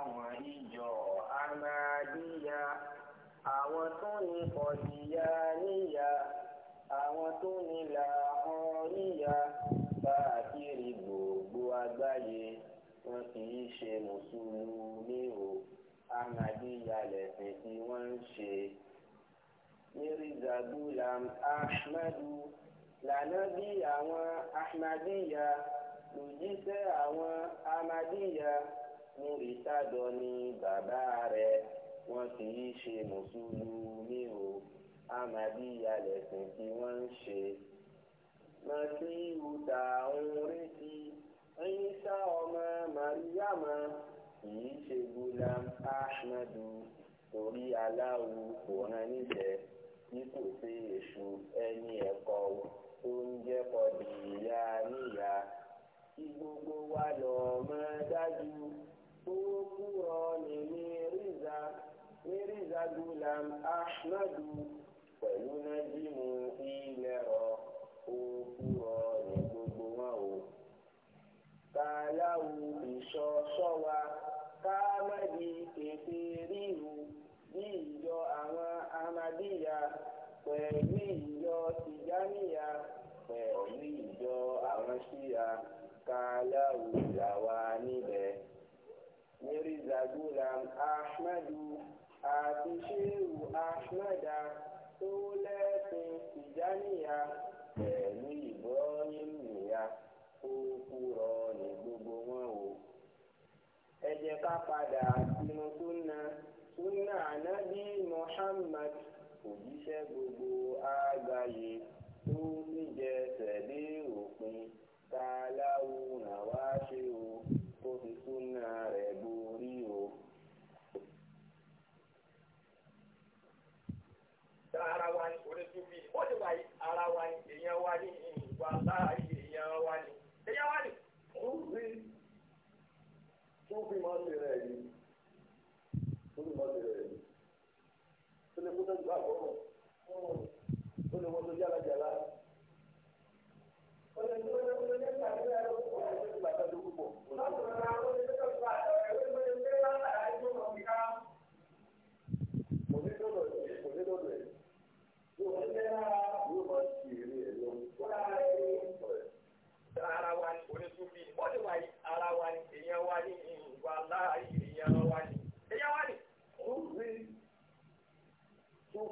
àwọn ìjọ Ahmadiyya àwọn tó ní Qadiyaniyya àwọn tó ní Lahaniyya káàkiri gbogbo àgbáyé wọn kì í ṣe mùsùlùmí o Ahmadiyya lẹ̀sìn tí wọ́n ń ṣe. Mirza Ghulam Ahmadu lànàbí àwọn Ahmadiyya lòjíṣẹ́ àwọn Ahmadiyya. múri sádọ ni bàbá rẹ wọn kì í ṣe mùsùlùmí o amadiya lẹ̀sìn tí wọ́n ń ṣe. masihu tá ń retí ọmọ mariama kì í ṣe gulam ahmadu torí aláwo kò rán níṣẹ́ bí kò sí èṣù ẹni ẹ̀kọ́ tó ń jẹ́ wa lọ mọ́ dájú. fúrọ́ọ̀nì ní ríza ní ríza gulam ahmadu pẹ̀lú nájímù ilẹ̀ ọ̀ fúrọ́ọ̀nì gbogbo wọn o. kàláwù ìṣọ́ṣọ́ wa káàmádì ètè ríru ní ìjọ àwọn amadíyà pẹ̀lú ìjọ tìjáníyà pẹ̀lú ìjọ àwọn ṣíyà kàláwù làwa níbẹ̀ mirza zagulam ahmadu àti sheu ahmada tó lẹ́sìn tìjáníyà pẹ̀lú ìbọ́yìn nìyà ó kúrọ̀ ní gbogbo wọn o. ẹ ká padà sínú súnà súnà ànábì muhammad òjíṣẹ́ gbogbo àgbáyé tó níjẹsẹ̀ dé òpin ká láwùrán wá ṣe o súnà rẹ̀ borí o. ara wa ni onísùnfì ó ti wà yí ara wa ni èèyàn wa ni ìwà láàyè èèyàn wa ni èèyàn wa ni. súnfì súnfì máa ń ṣe rẹ̀ yìí súnfì máa ń ṣe yìí tó lè kó tó gbà bọ́ọ̀ tó lè wọ́n tó yára jàlá. Thank you.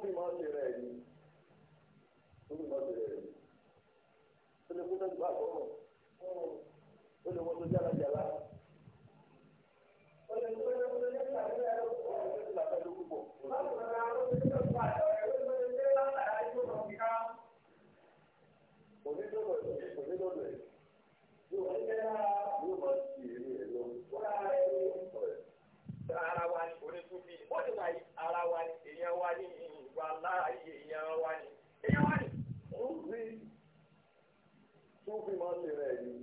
fi máa ṣe rẹ̀ ni tó fi máa ṣe rẹ̀ ni ó lè kó náà gbà bọ́ọ̀ ó lè wọ́n tó jára láàyè èèyàn wá ní èèyàn wá ní. ó fi tó fi máa ń lè rẹ̀ yìí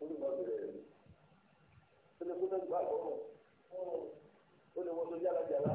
ó lè máa ń lè rẹ̀ yìí ó lè kó náà gbàgbọ́ ó lè wọ́n tó yára yàrá.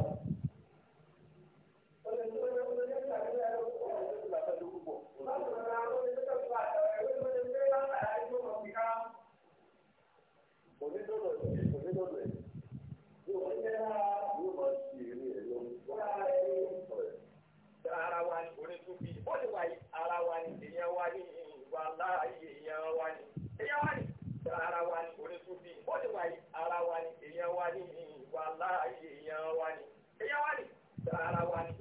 ara wa ni.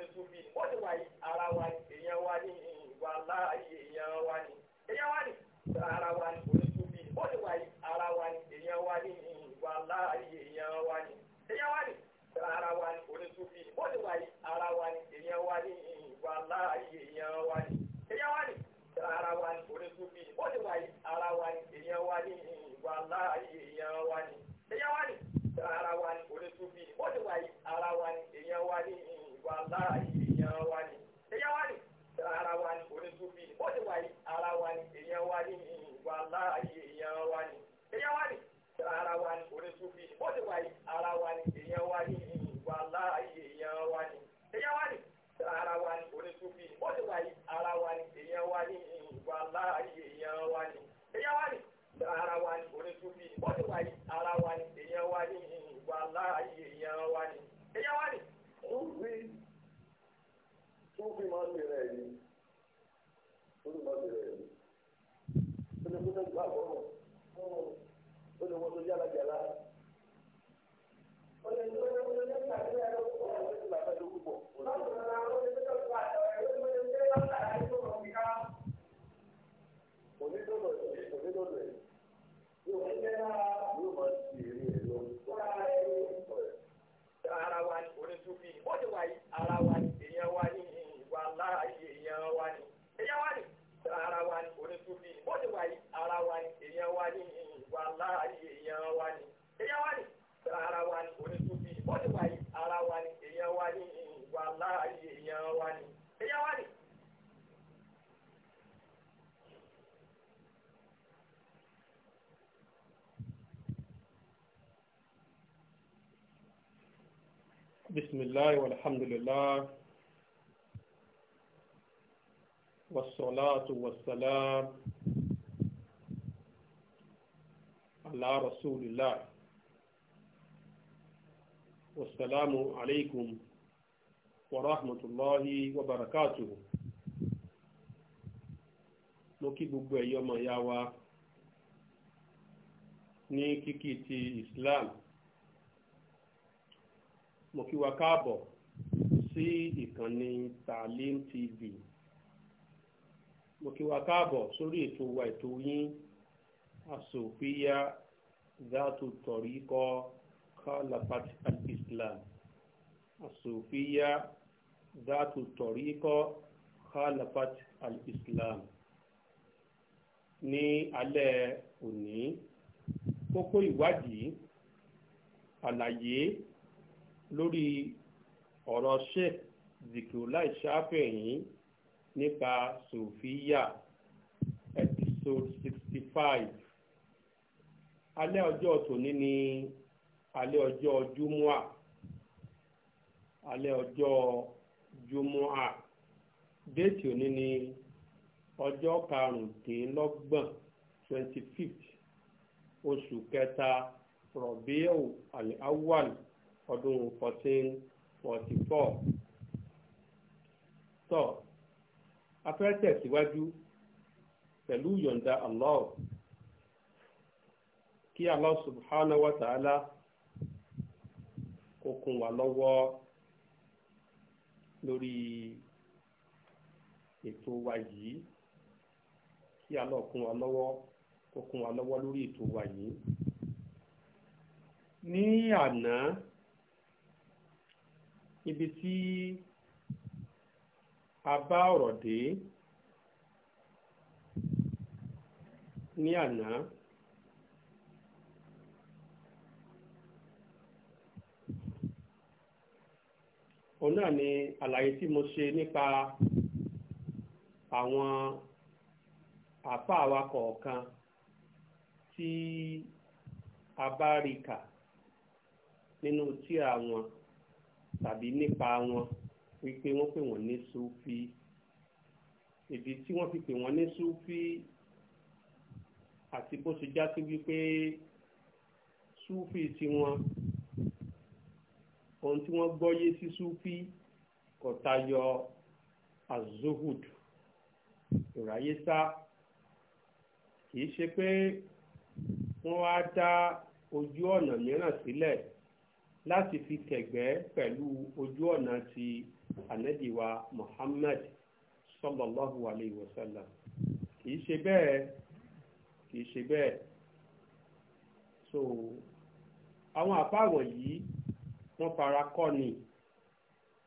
ní súnfì wọ́n ti wà ara wa èèyàn wa ìwà láàyè بسم الله والحمد لله والصلاة والسلام على رسول الله والسلام عليكم ورحمة الله وبركاته mo kí gbogbo ẹ̀yọ́ ọmọ ìyá wa ní kíkí ti Islam mo kí wa káàbọ̀ sí ìkànnì Taalim TV mo kí wa káàbọ̀ sórí ètò wa ètò yín asòfíà zátù tọ̀ríkọ khalafat al-Islam asòfíà zátù tọ̀ríkọ khalafat al-Islam ní alẹ́ òní kókó ìwádìí àlàyé lórí ọ̀rọ̀ sheikh zikirulai ṣáfẹ̀yìn nípa sofiya episode sixty five alẹ́ ọjọ́ tòní ni alẹ́ ọjọ́ júmọ́à alẹ́ ọjọ́ júmọ́à déètì òní ni ọjọ́ karùndínlọ́gbọ̀n twenty fifth oṣù kẹta rọ̀bíẹ̀wò al-awwal ọdún 1444. tọ́ a tẹ̀síwájú pẹ̀lú yọ̀ǹda Allah kí Allah subhanahu wa ta'ala kó kún wa lọ́wọ́ lórí ètò wa yìí kí Allah kún wa lọ́wọ́ kó kún wa lọ́wọ́ lórí ètò wa yìí ní àná ibi tí a bá ọ̀rọ̀ dé ní àná òun náà ni àlàyé tí mo ṣe nípa àwọn àfáà wa kọ̀ọ̀kan tí a bá rí kà nínú tíra wọn tàbí nípa wọn wípé wọ́n pè wọ́n ní sufi ìdí tí wọ́n fi pè wọ́n ní sufi àti bó ṣe já sí wípé sufi tiwọn ohun tí wọ́n gbọ́yé sí sufi kò tayọ azuhud ìráyésá kìí ṣe pé wọ́n wá dá ojú ọ̀nà mìíràn sílẹ̀. Si láti fi tẹ̀gbẹ́ pẹ̀lú ojú ọ̀nà ti ànẹ́dìwà Muhammad sallallahu alayhi wa sallam kìí ṣe bẹ́ẹ̀ kìí ṣe bẹ́ẹ̀ so àwọn àbáwọ̀ yìí wọ́n fara kọ́ ni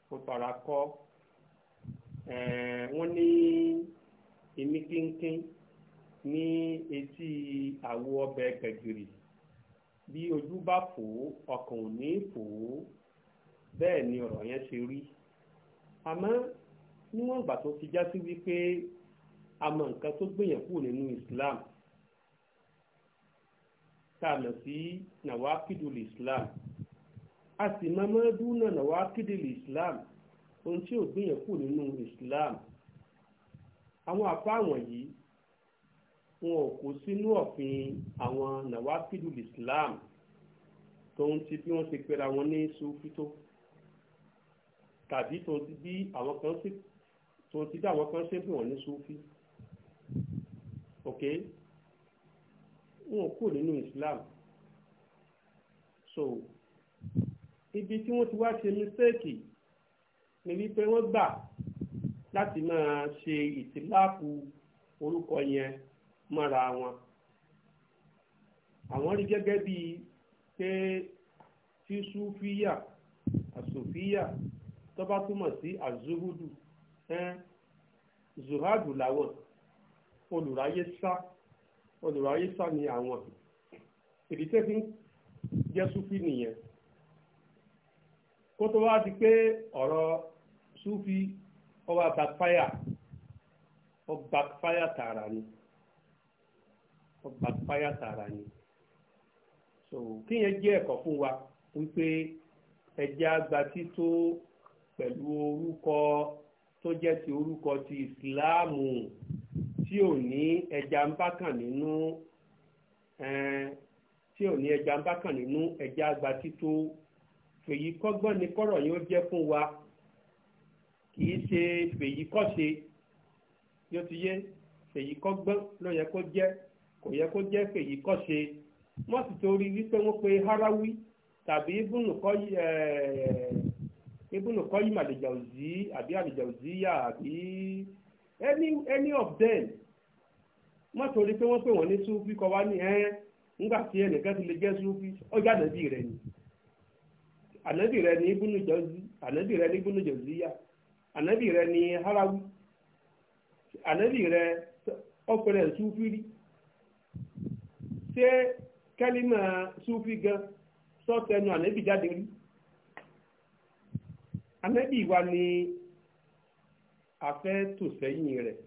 wọ́n fara kọ́ ẹ̀ẹ́ wọ́n ní èmi kínkín ní etí àwo ọbẹ̀ gbẹ̀gìrì bí ojú bá fò ó ọkàn ò ní fò ó bẹ́ẹ̀ ni ọ̀rọ̀ yẹn ṣe rí àmọ́ níwọ̀n ìgbà tó ti já sí wípé a nǹkan tó gbèyàn kúrò nínú Islam tá a mọ̀ sí nawakidul Islam a sì mọ mọ́dún náà nawakidul Islam ohun tí ò gbèyàn kúrò nínú Islam àwọn àpá wọ̀nyí wọn ò kó sínú ọ̀fin àwọn nàwáfíìlú Islam tóun ti bí wọ́n ṣe pera wọn ní sufi tó tàbí tóun ti bí àwọn kan ṣe tóun ti bí àwọn kan ṣe pè wọ́n ní sufi ok wọn ò kó nínú Islam so ibi tí wọ́n ti wá ṣe mistake ni wípé wọ́n gbà láti máa ṣe ìtìláàpù orúkọ yẹn mọ́ra wọn àwọn rí gẹ́gẹ́ bíi pé tí sufiya àsofiya tó bá túmọ̀ sí azuhudu ẹ́n zuhadu làwọn olùráyé sá olùráyé sá ni àwọn èdè tẹ́fín jẹ́ sufi nìyẹn kó tó wá di pé ọ̀rọ̀ sufi ó wá backfire ó backfire tààrà ni ó backfire tààrà ni so kíyẹn jẹ́ ẹ̀kọ́ fún wa wípé ẹ̀jẹ̀ àgbà tító pẹ̀lú orúkọ tó jẹ́ ti orúkọ ti ìsìláàmù tí ò ní ẹja ń bá kàn nínú tí ò ní ẹja ń nínú ẹja àgbà tító fèyí kọ́gbọ́n ni kọ́rọ̀ yóò jẹ́ fún wa kì í ṣe fèyí kọ́ṣe yóò ti yé fèyí kọ́gbọ́n ló yẹ kó jẹ́ kò yẹ kó jẹ́ fèyí kọ́ṣe wọ́n sì torí wípé wọ́n pe harawi tàbí ibùnùkọ́ yìí òzí àbí àlèjà òzí yà àbí any of them wọ́n torí pé wọ́n pè wọ́n ní súfì kọ́ wá ní ẹ́ nígbà tí ẹnìkan ti lè jẹ́ ṣé kẹ́límà sufi gan sọ́tẹnu ànẹ́bì jáde rí ànẹ́bì wa ni àfẹ́ tò sẹ́yìn rẹ̀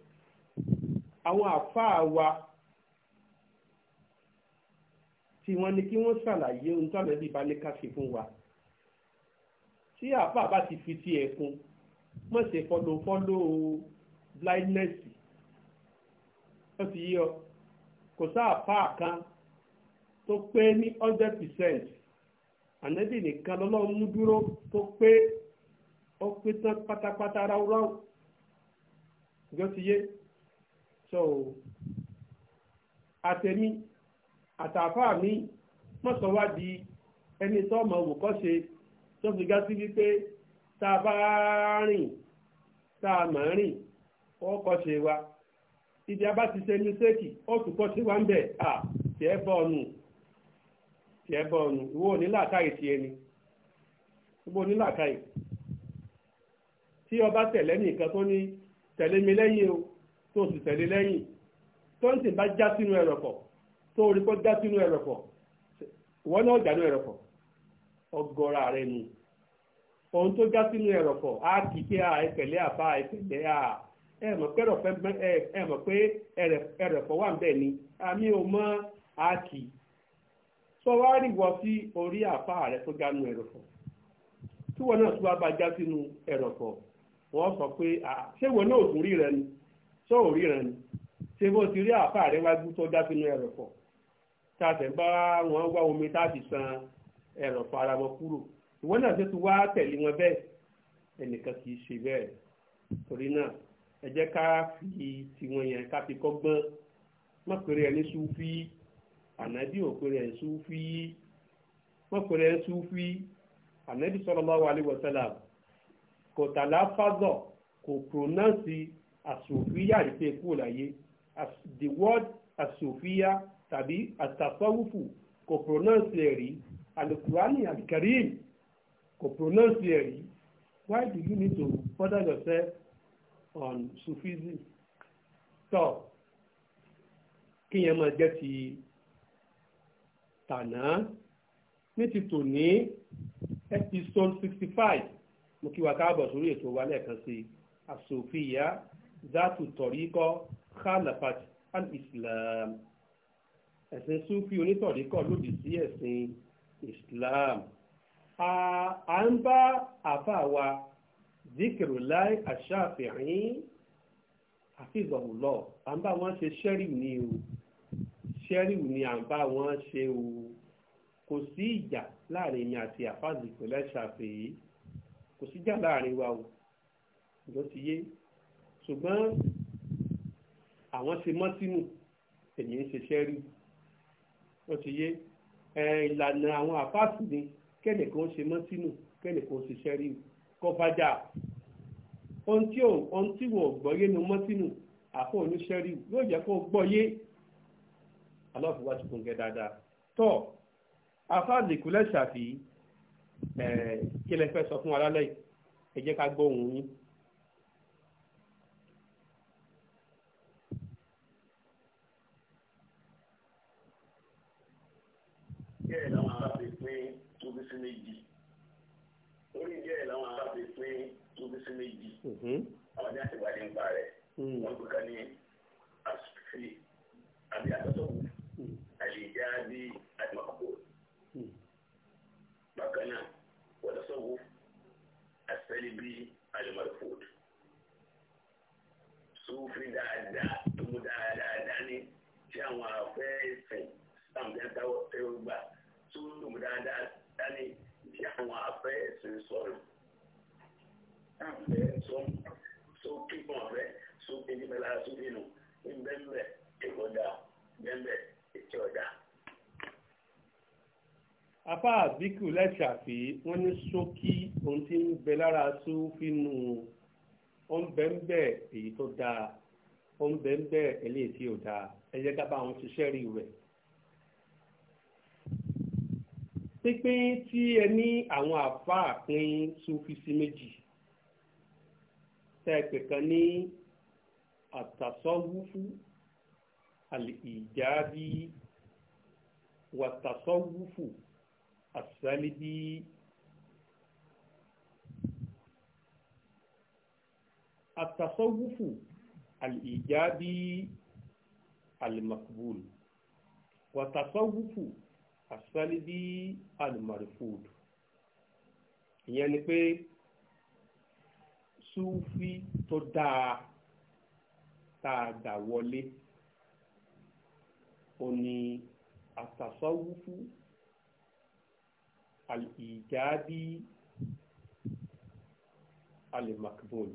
àwọn àfáà wa tí wọ́n ní kí wọ́n ṣàlàyé ohun tó ànẹ́bì bá ní ká ṣe fún wa tí àfáà bá ti fi ti ẹ̀ kún mọ̀ ṣe fọlọ́fọlọ́ blindness ó ti yí ọ kò sáà fáà kan tó pé ní hundred percent ànábì nìkan lọ́lọ́run mú dúró tó pé ó pé tán pátápátá ráúráú ti yé so àtẹ̀mí àtàfáà mi mọ̀sán ẹni tó mọ̀ òwòkọ́ ṣe tó fi gá sí wípé tá a bá rìn tá a mọ̀ rìn ó kọ́ ṣe wa ti wa ń bẹ̀ à tiẹ̀ bọ̀ ọ̀nù ìwọ ò ní làákàyè tiẹ̀ ni gbogbo ní làákàyè tí ọba tẹ̀lé nìkan tó ní tẹ̀lé mi lẹ́yìn o tó sì tẹ̀lé lẹ́yìn tó ń sì bá já sínú ẹ̀rọ̀pọ̀ tó orí kó já sínú ẹ̀rọ̀pọ̀ ìwọ náà jà ní ẹ̀rọ̀pọ̀ ọgọ́ra rẹ ni ohun tó já sínú ẹ̀rọ̀pọ̀ á kì í pé a ẹ̀tẹ̀lé àbá ẹ̀tẹ̀lé a ẹ mọ̀ pé ẹ̀rọ̀pọ̀ wà ń bẹ̀ ni àmì ò mọ́ a kì í sọ wá rí wọ sí orí àpá rẹ tó gánú ẹ̀rọ̀fọ̀ tí wọn náà tún wá bá já sínú ẹ̀rọ̀fọ̀ wọn sọ pé ṣé wọn náà tún rí rẹ ni ṣé ò rí rẹ ni ṣé bó ti rí àpá rẹ wá gbú tó já sínú ẹ̀rọ̀fọ̀ tá a fẹ́ bá wọn wá omi tá a fi san ẹ̀rọ̀fọ̀ ara wọn kúrò ìwọ náà tó tún wá tẹ̀lé wọn bẹ́ẹ̀ ẹnìkan kì í ṣe bẹ́ẹ̀ torí náà ẹ jẹ́ ká fi tiwọn yẹn ká fi kọ́gbọ́n má pèrè ẹni sùn fi ànábì òpèrè ṣúfì pọ̀pẹ̀rẹ̀ ṣúfì ànábì sallallahu alaihi wasallam kò tàlá fázọ̀ kò pronounce àṣòfíyà àrífẹ́ kúrò láyé the word àṣòfíyà tàbí àtàfọ́wùfù kò pronounce ẹ̀rí alukurani alikarim kò pronounce ẹ̀rí why do you need to further yourself on sufism? So, kí yẹn máa jẹ́ ti tàná ní ti tòní episode sixty five mo kí wa káàbọ̀ sórí ètò wa lẹ́ẹ̀kan sí àsòfìyà zatu tọ̀ríkọ́ khalafat al-islam ẹ̀sìn súfì onítọ̀ríkọ́ lòdì sí ẹ̀sìn islam à ń bá àfa wa Zikrullahi Ash-Shafi'i àfihàn lọ à ń bá wọn ṣe ṣẹ́rì ní o sheriff ni à ń bá wọn ṣe o kò sí ìjà láàrin mi àti àfáàzì ìpínlẹ̀ ṣàfihì kò síjà láàrin wa o ìjọ ti yé ṣùgbọ́n àwọn ṣe mọ́tínù èyí ń ṣe sheriff ó ti yé ìlànà àwọn àfáàsì ni kẹ́nìkan ṣe mọ́tínù kẹ́nìkan ṣe sheriff kọ́fájà ohun tí wọ́n gbọ́yé nu mọ́tínù àfọ̀ oníṣẹ́rí yóò jẹ́ kó gbọ́yé aláwọ̀ wá ti kún gẹ́ dáadáa tọ́ afáàlìkúlẹ̀ ṣàfi ẹ̀ kí lẹ fẹ́ sọ fún alálẹ̀ ẹ jẹ́ ká gbọ́ ohùn yín. díẹ̀ làwọn alábẹ̀ pín tóbi sí méjì orí díẹ̀ làwọn alábẹ̀ pín tóbi sí méjì mhm. àwọn ní àtìwádìí ń pa rẹ̀ mhm. wọ́n gbé ká ní àsìkò àbí àtọ́tọ̀ wù ìjáàbí àti mọ̀kò. bákan náà wọ́n sọ́wọ́ àṣẹ́lẹ̀ bí alimọ̀fòd. sófì dáadáa tó mú dáadáa dání tí àwọn afẹ́ ẹ̀sìn sáàmù dáadáa tẹ́wọ́ gbà tó mú dáadáa dání tí àwọn afẹ́ ẹ̀sìn sọ̀rọ̀. sáàmù bẹ́ẹ̀ sọ́mù sókè pọ̀ fẹ́ sókè nígbàlá sókè nù. apá àbíkù lẹ́ṣàfì wọ́n ní ṣókí ohun tí ń bẹ lára sófin nù ó ń bẹ ń bẹ èyí tó dáa ó ń bẹ ń bẹ eléyìí tí ò dáa ẹ jẹ́ ká wọn ṣiṣẹ́ rí rẹ̀. pínpín tí ẹ ní àwọn àfáà pín sófin méjì tẹ́ kan ní àtàsọ́wúfú àlè ìjábí wàtàsọ́wúfú. السلبي التصوف الإيجابي المقبول وتصوف السلبي المرفوض يعني pé súfí tó dáa tá a gbà wọlé ó ní àtàsọ́wúfú al-ijabi al-makbul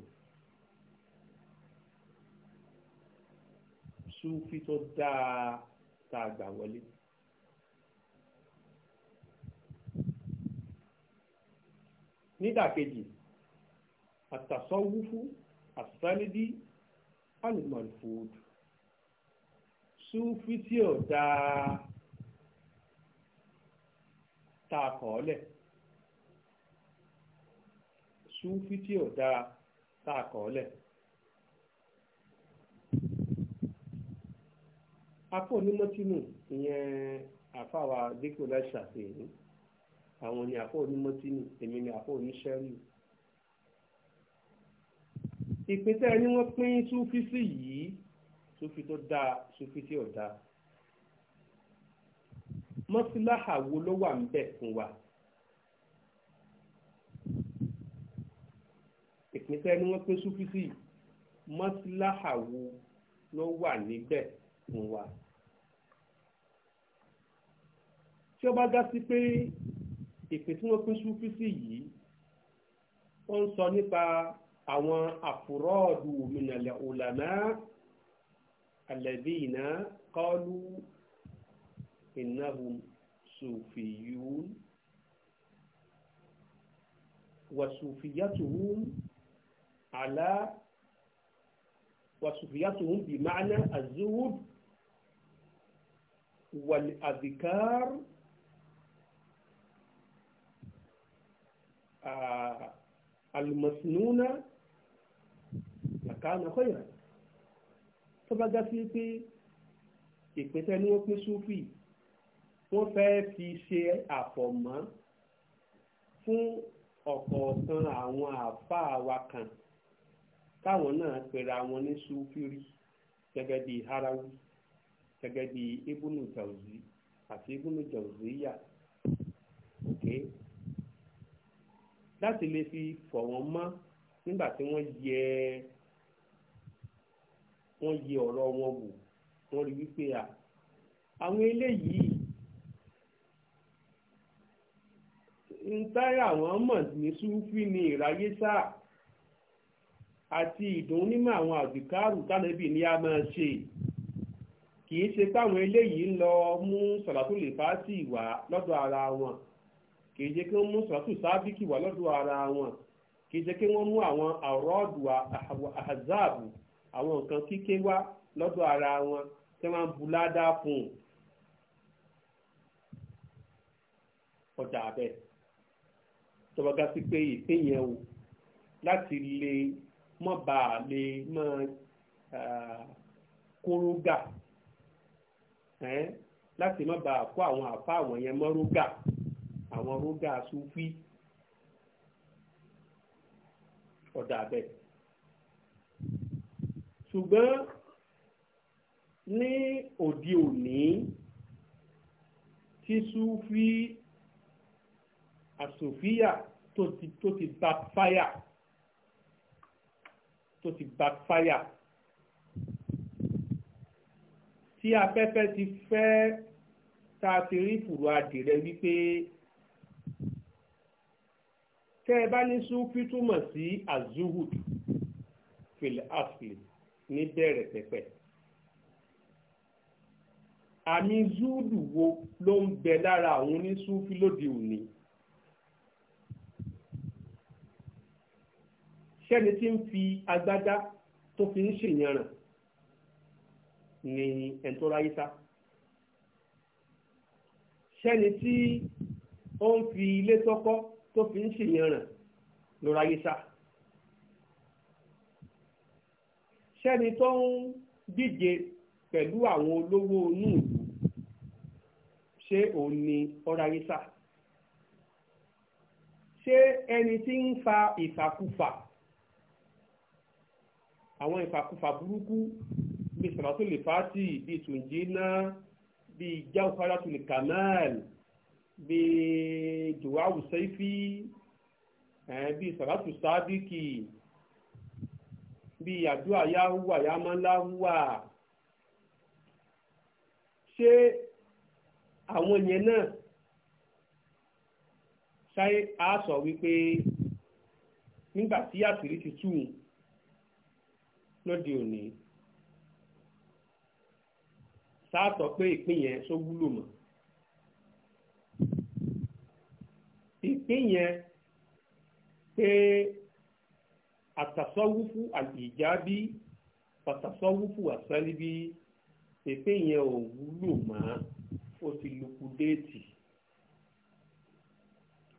sufi tó dáa tá a gbà wọlé. nídàkejì àtàsọ́wúfú àsálídí alùmọ̀lùfòdù súfí tí ò dáa tá a kọ̀ súnfí tí ò dáa tá a kọ̀ ọ́ lẹ̀. apá onímọ̀tínù ìyẹn àfàwà dípò láti ṣàfihàn àwọn ni àpò onímọ̀tínù èmi ni àpò oníṣẹ́rù ìpínlẹ̀ ni wọ́n pín súnfí sí yìí súnfí tó dáa súnfí tí ò dáa mọ́síláhà wo ló wà ń bẹ̀ fún wa. ìpínlẹ̀ ni wọ́n pín súfísì mọ́síláhà wo ló wà níbẹ̀ fún wa. tí ó bá dá sí pé ìpè tí wọ́n pín súfísì yìí ó ń sọ nípa àwọn àfúrọ́ọ̀dù mìnàlẹ̀ òlànà alẹ́bí iná kọ́lù إنهم صوفيون وصوفيتهم على وصوفيتهم بمعنى الزهد والأذكار آه، المسنونة لكان خيرا فبدأ في في إكتنوك صوفي wọ́n fẹ́ fi ṣe àfọ̀mọ́ fún ọ̀kọ̀ọ̀kan àwọn àáfàá wa kan táwọn náà pera wọn ní sufiri gẹ́gẹ́ bíi harawi gẹ́gẹ́ bíi ibùnú jàùzí àti ibùnú jàùzí yà òkè láti lè fi fọ̀ wọ́n mọ́ nígbà tí wọ́n yẹ wọ́n yẹ ọ̀rọ̀ wọn wò wọ́n rí wípé à àwọn eléyìí ń táyà wọn mọ̀ ní súfì ní ìráyé sáà àti ìdùn nímọ̀ àwọn àbíkárù tánàbì ní a máa ṣe kì í ṣe táwọn eléyìí ń lọ mú sàlátù lè fásì wá lọ́dọ̀ ara wọn kì í ṣe kí wọ́n mú sàlátù sábìkì wá lọ́dọ̀ ara wọn kì í ṣe kí wọ́n mú àwọn àrọ́ọ̀dù àhàzáàbù àwọn nǹkan kíké wá lọ́dọ̀ ara wọn tí wọ́n bu ládàá fún un ọjà bẹ́ẹ̀ tó bá gá sí pé ìpín yẹn o láti lè mọ́ bá a lè mọ́ kórógà láti mọ́ bá a kó àwọn àfa àwọn yẹn mọ́ rógà àwọn rógà sufi ọ̀dà bẹ́ẹ̀. ṣùgbọ́n ní òde òní tí sufi àsòfíà tó ti tó ti backfire tó ti backfire tí afẹ́fẹ́ ti fẹ́ tá a ti rí fùrọ̀ adìrẹ wípé tẹ́ ẹ bá ní súnfí túmọ̀ sí azuhud fìlẹ̀ asli ní bẹ̀rẹ̀ pẹ̀pẹ̀ àmì zúdù wo ló ń bẹ lára àwọn onísúnfí lóde òní. sẹ́ni tí ń fi agbádá tó fi ń ṣèyànràn ni ẹni tó ráyé sá sẹ́ni tí ó ń fi ilé tọ́kọ́ tó fi ń ṣèyànràn ló ráyé sẹ́ni tó ń díje pẹ̀lú àwọn olówó inú ìlú ṣé òun ni ó ráyé sá ṣé ẹni tí ń fa ìfàkùfà àwọn ìfàkùfà burúkú bíi sàmásó lè fàátì bíi tùǹjìnà bíi jáwùfàlà tùlì kàmáàlì bíi dùwáwù sẹ́fì bíi sàmásó sábìkì bíi àdúrà yáhùwà yámáláhùwà ṣé àwọn yẹn náà ṣáyé sọ wípé nígbà tí àṣírí ti tú un. lóde òní sáàtọ̀ pé ìpín yẹn tó wúlò mọ́ ìpín yẹn pé àtàsọ́wúfú àìjábí pàtàsọ́wúfú àsálíbí ìpín yẹn ò wúlò mọ́ ó ti lukú déètì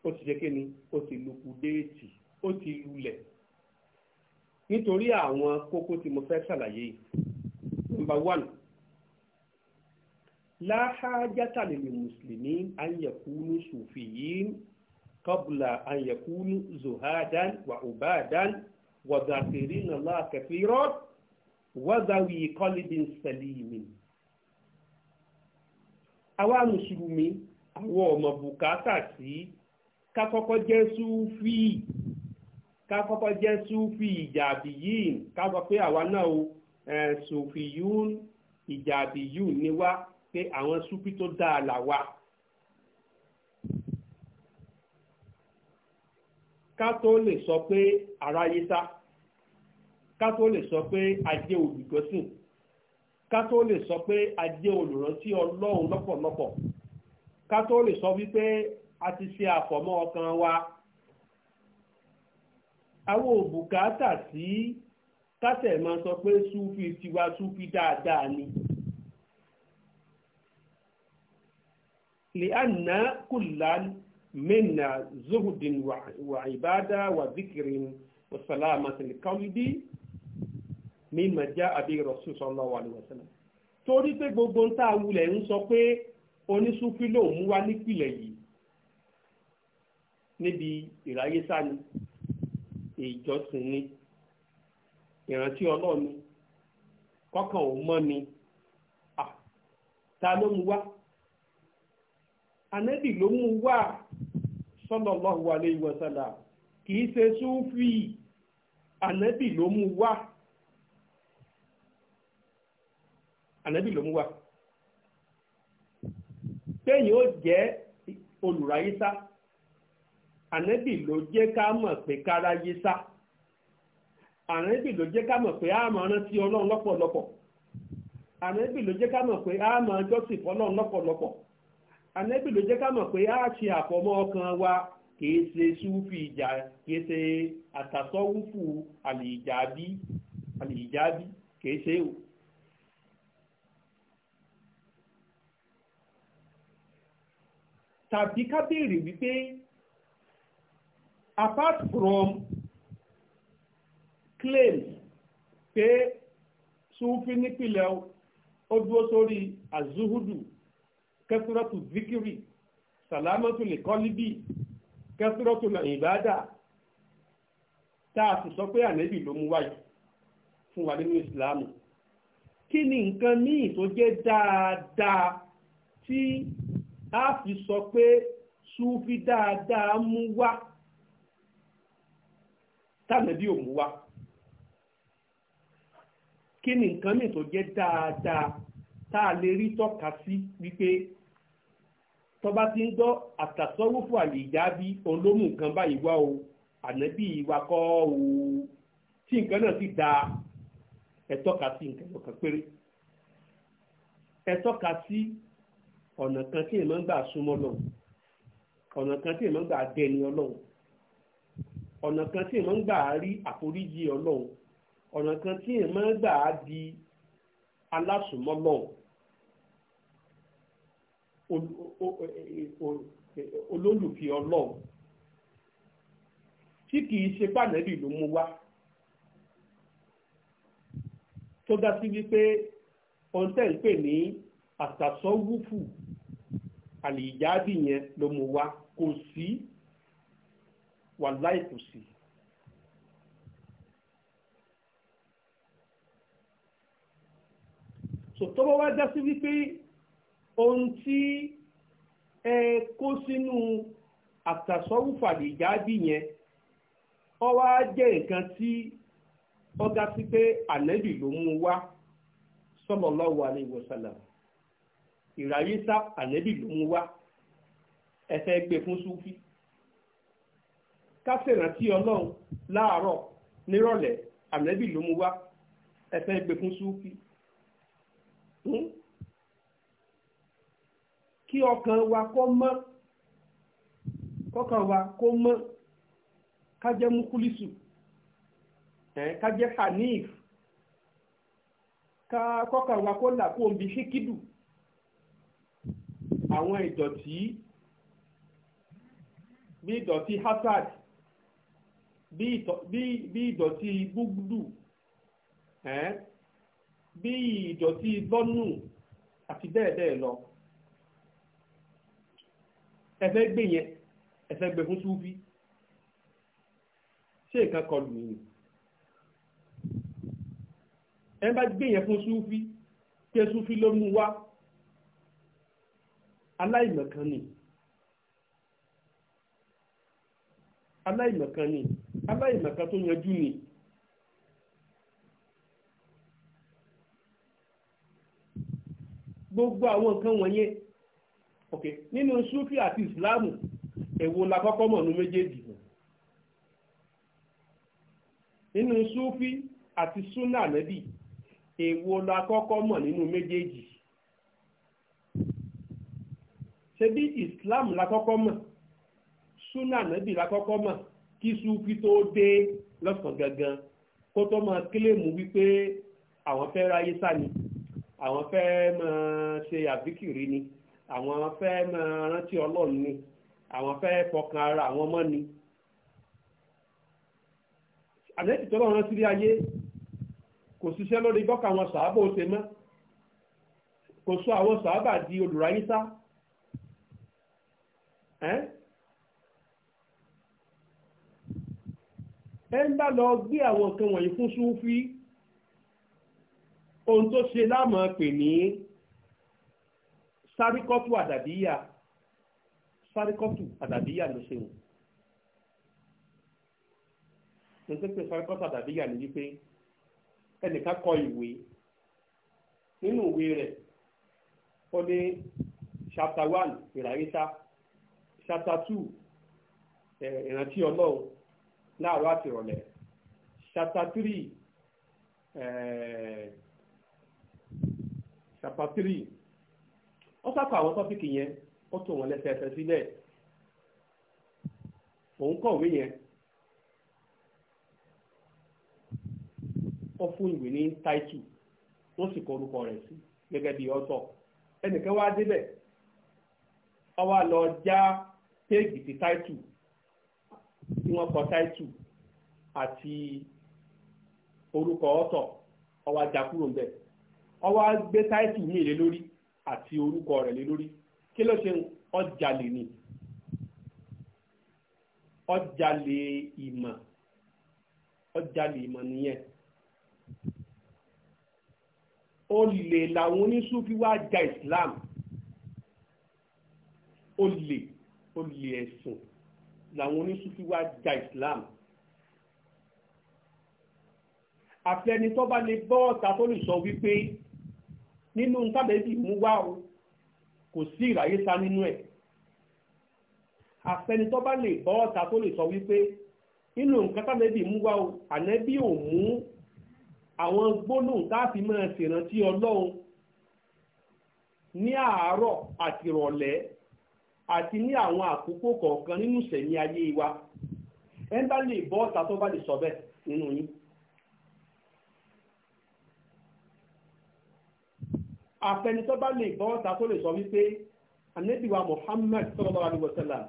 ó ti jẹ́ kí ó ti lukú déètì ó ti lulẹ̀. nítorí àwọn kókó tí mo fẹ́ ṣàlàyé yìí number one láhájátà lè mùsùlùmí ànyẹ̀kúnú sùfìyìn kọ́bùlà ànyẹ̀kúnú zohadan wà ubadan wàdàtìrí nàlá kẹfìrọ́ wàdàwì kọ́lídìn sẹ́lìmì. àwa mùsùlùmí àwọn ọmọ bùkátà sí ká jẹ́ sùfìyìn ká kọ́kọ́ jẹ́ sufi ìjàbíyìn ká sọ pé àwa náà o sufiyun ìjàbíyun ni wá pé àwọn sufi tó dáa là wá. ká tó lè sọ pé aráyé sá ká tó lè sọ pé ajé olùgbọ́sìn ká tó lè sọ pé ajé olùrántí ọlọ́run lọ́pọ̀lọpọ̀ ká tó lè sọ wípé a ti ṣe àfọ̀mọ́ ọkàn wa àwọn òbùkátà sí kásẹ̀ máa sọ pé súfì tiwa súfì dáadáa ni. لأن كلا منا زهد وعبادة وذكر وسلامة القلب مما جاء به الرسول صلى الله عليه وسلم torí pé gbogbo ń tá a wulẹ̀ ń sọ pé onísúfí lòun mú wá nípìnlẹ̀ yìí níbi ìráyé sáni ìjọsìn ni ìrántí ọlọ́ọ̀ni kọ́kàn ò mọ́ ni ta ló mú wá anẹ́bì ló mú wá sallallahu alayhi wa sallam kìí ṣe súfì anẹ́bì ló mú wá anẹ́bì ló mú wá péyìn ó jẹ́ olùráyísá ànábì ló jẹ́ ká mọ̀ pé kára yé sá ànábì ló jẹ́ ká mọ̀ pé a máa rántí ọlọ́run lọ́pọ̀lọpọ̀ ànábì ló jẹ́ ká mọ̀ pé a máa jọ́sìn fọlọ́run lọ́pọ̀lọpọ̀ ànábì ló jẹ́ ká mọ̀ pé a ṣe àfọmọ́ ọkàn wa kìí ṣe súfì ìjà kìí ṣe àtàsọ́wúfù àlìjábí kìí ṣe o. tàbí ká béèrè wípé apart from claims pé sufi nípìnlẹ̀ ó dúró sórí azuhudu kẹsìrọ́tù zikiri sàlámọ́tù lè kọ́líbì kẹsìrọ́tù lè ìbádà tá a sì sọ pé ànẹ́bì ló mú wáyé fún wa nínú ìsìláàmù kí ni nǹkan míì tó jẹ́ dáadáa tí a fi sọ pé sufi dáadáa mú wá tànàbí ò mú wa kí ni nǹkan mìíràn tó jẹ́ dáadáa tá a lè rí tọ́ka sí wípé tọ́ba ti ń gbọ́ àtàsọ́wọ́fù àlìjábí olómù nǹkan báyìí wá o ànábì wa kọ́ o tí nǹkan náà sì dáa ẹ sí nǹkan ọ̀kan péré ẹ sí ọ̀nà kan tí èèmọ̀ ń gbà súnmọ́ lọ́wọ́ ọ̀nà kan tí èèmọ̀ ń gbà dẹni ọlọ́wọ́ ọ̀nà kan tí èèmọ̀ ń gbà rí àforíjì ọlọ́run ọ̀nà kan tí èèmọ̀ ń gbà di alásùmọ́lọ́run olólùfẹ́ ọlọ́run tí kìí ṣe pànẹ́bì ló mú wá tó dá sí wípé ohun tẹ́ ń pè ní àtàsọ́wúfù àlìjáde yẹn ló mú wá kò sí wàláì kò sí. tọ́wọ́ wá já sí wípé ohun tí ẹ kó sínú àtàsọ́wùfàdì ìjáàbí yẹn ọ wá jẹ́ nǹkan tí ọ ga sí pé ànẹ́bì ló mú wá sallallahu alaihi wasallam ìràyíṣà ànẹ́bì ló mú wá ẹ fẹ́ gbé fún súfì ká ṣèrántí ọlọ́run láàárọ̀ nírọ̀lẹ́ ànẹ́bì ló mú wá ẹ̀fẹ́ gbé fún súfì kí ọkàn wa kó mọ́ kọ́kàn wa kó mọ́ ká jẹ́ mukulisu ká jẹ́ hanif ká kọ́kàn wa kó là kó ń bi ṣíkídù àwọn ìdọ̀tí bí ìdọ̀tí hasad bí ìdọ̀tí búgbùdù bí ìdọ̀tí bọ́nù àti bẹ́ẹ̀ bẹ́ẹ̀ lọ ẹfẹ́ gbé yẹn ẹfẹ́ gbé fún súfí ṣé nǹkan kọlù yìí ẹ bá gbé yẹn fún súfí pé súfí ló mú wá aláìmọ̀kan nìyí aláìmọ̀kan ni aláìmọ̀kan tó yanjú ni. gbogbo àwọn nǹkan wọ̀nyẹn ok nínú sufi àti ìsìláàmù èwo la kọ́kọ́ mọ̀ nu méjèèjì nínú sufi àti súnà nẹ́bì èwo la kọ́kọ́ mọ̀ nínú méjèèjì ṣebí islam la kọ́kọ́ mọ̀ súnà nàbì lákọ́kọ́ mọ̀ kí sufi tó dé lọ́sàn gangan kó tó máa kílèmù wípé àwọn fẹ́ ráyé sá ni àwọn fẹ́ máa ṣe àbíkìrí ni àwọn fẹ́ máa rántí ọlọ́run ni àwọn fẹ́ fọkàn ara àwọn mọ́ ni àlẹ́tì tó lọ́rán sílé ayé kò ṣiṣẹ́ lórí bọ́kà àwọn sàábà ó ṣe mọ́ kò sọ àwọn sàábà di olùráyísá ẹ ń bá lọ gbé àwọn nǹkan wọ̀nyí fún súnfí ohun tó ṣe láàmú pè ní sáríkọ́tù àdàbíyà sáríkọ́tù àdàbíyà ló ṣe wọn ní tó pè àdàbíyà ní wípé ẹnìkan kọ ìwé nínú ìwé rẹ̀ ó ní chapter one ìràyíṣà chapter two ìrántí ọlọ́run láàárọ̀ àti ìrọ̀lẹ́ chapter three eh, ó àwọn tọ́pìkì yẹn ó tó wọn lẹ́sẹẹsẹ sílẹ̀ òun kọ̀wé yẹn ó fún ìwé ní táìtù wọ́n sì kọ orúkọ rẹ̀ sí gẹ́gẹ́ bí ọ̀tọ̀ ẹnìkan wá débẹ̀ ó wá já péègì ti táìtù tí wọ́n kọ táìtù àti orúkọ ọ̀tọ̀ ọwọ́ ajá kúrò ńbẹ̀ ọwọ́ gbé táìtù mi lé lórí àti orúkọ rẹ̀ lé lórí kí ló ṣe ọjà lè ní ọjà lè ìmọ̀ ọjà lè ìmọ̀ nìyẹn olè làwọn oníṣúfì wá ja Islam olè olè ẹ̀sùn làwọn oníṣúfì wá ja islam àfi ẹni tó bá lè bọ́ ọ̀tá tó lè sọ wípé nínú tábẹ́bì mú wá o kò sí ìráyé sá nínú ẹ̀ àfẹni tó bá lè bọ́ ọ̀tá tó lè sọ wípé nínú nǹkan tábẹ́bì mú wá o ànẹ́bí ò mú àwọn gbólóhùn táàfi máa ṣèrántí ọlọ́run ní àárọ̀ àti ìrọ̀lẹ́ àti ní àwọn àkókò kọ̀ọ̀kan nínú ìṣẹ̀mí ayé wa ẹ lè bọ́ ọ̀tá tó bá lè sọ bẹ́ẹ̀ nínú yín. bá lè bọ́ tó lè sọ wípé anábìwa Muhammad sallallahu alaihi wasallam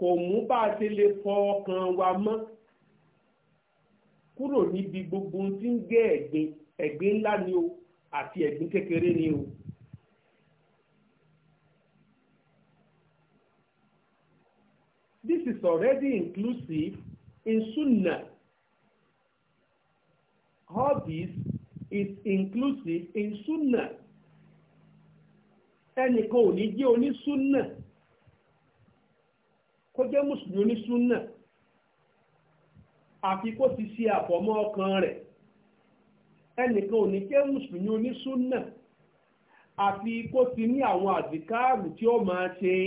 kò mú bá a ṣe lè fọ ọkàn wa mọ́ kúrò gbogbo tí ń gé ẹ̀gbin ẹ̀gbin ńlá ni o àti ẹ̀gbin kékeré ni o. already inclusive in Sunnah. All is inclusive in Sunnah. Ẹnìkan ò ní jẹ́ onísúnnà kó jẹ́ mùsùlùmí onísúnnà àfi kó ti ṣe àfọ̀mọ́ ọkàn rẹ̀ ẹnìkan ò ní jẹ́ mùsùlùmí onísúnnà àfi kó ti ní àwọn àdìkáàrù tí ó máa ṣe é.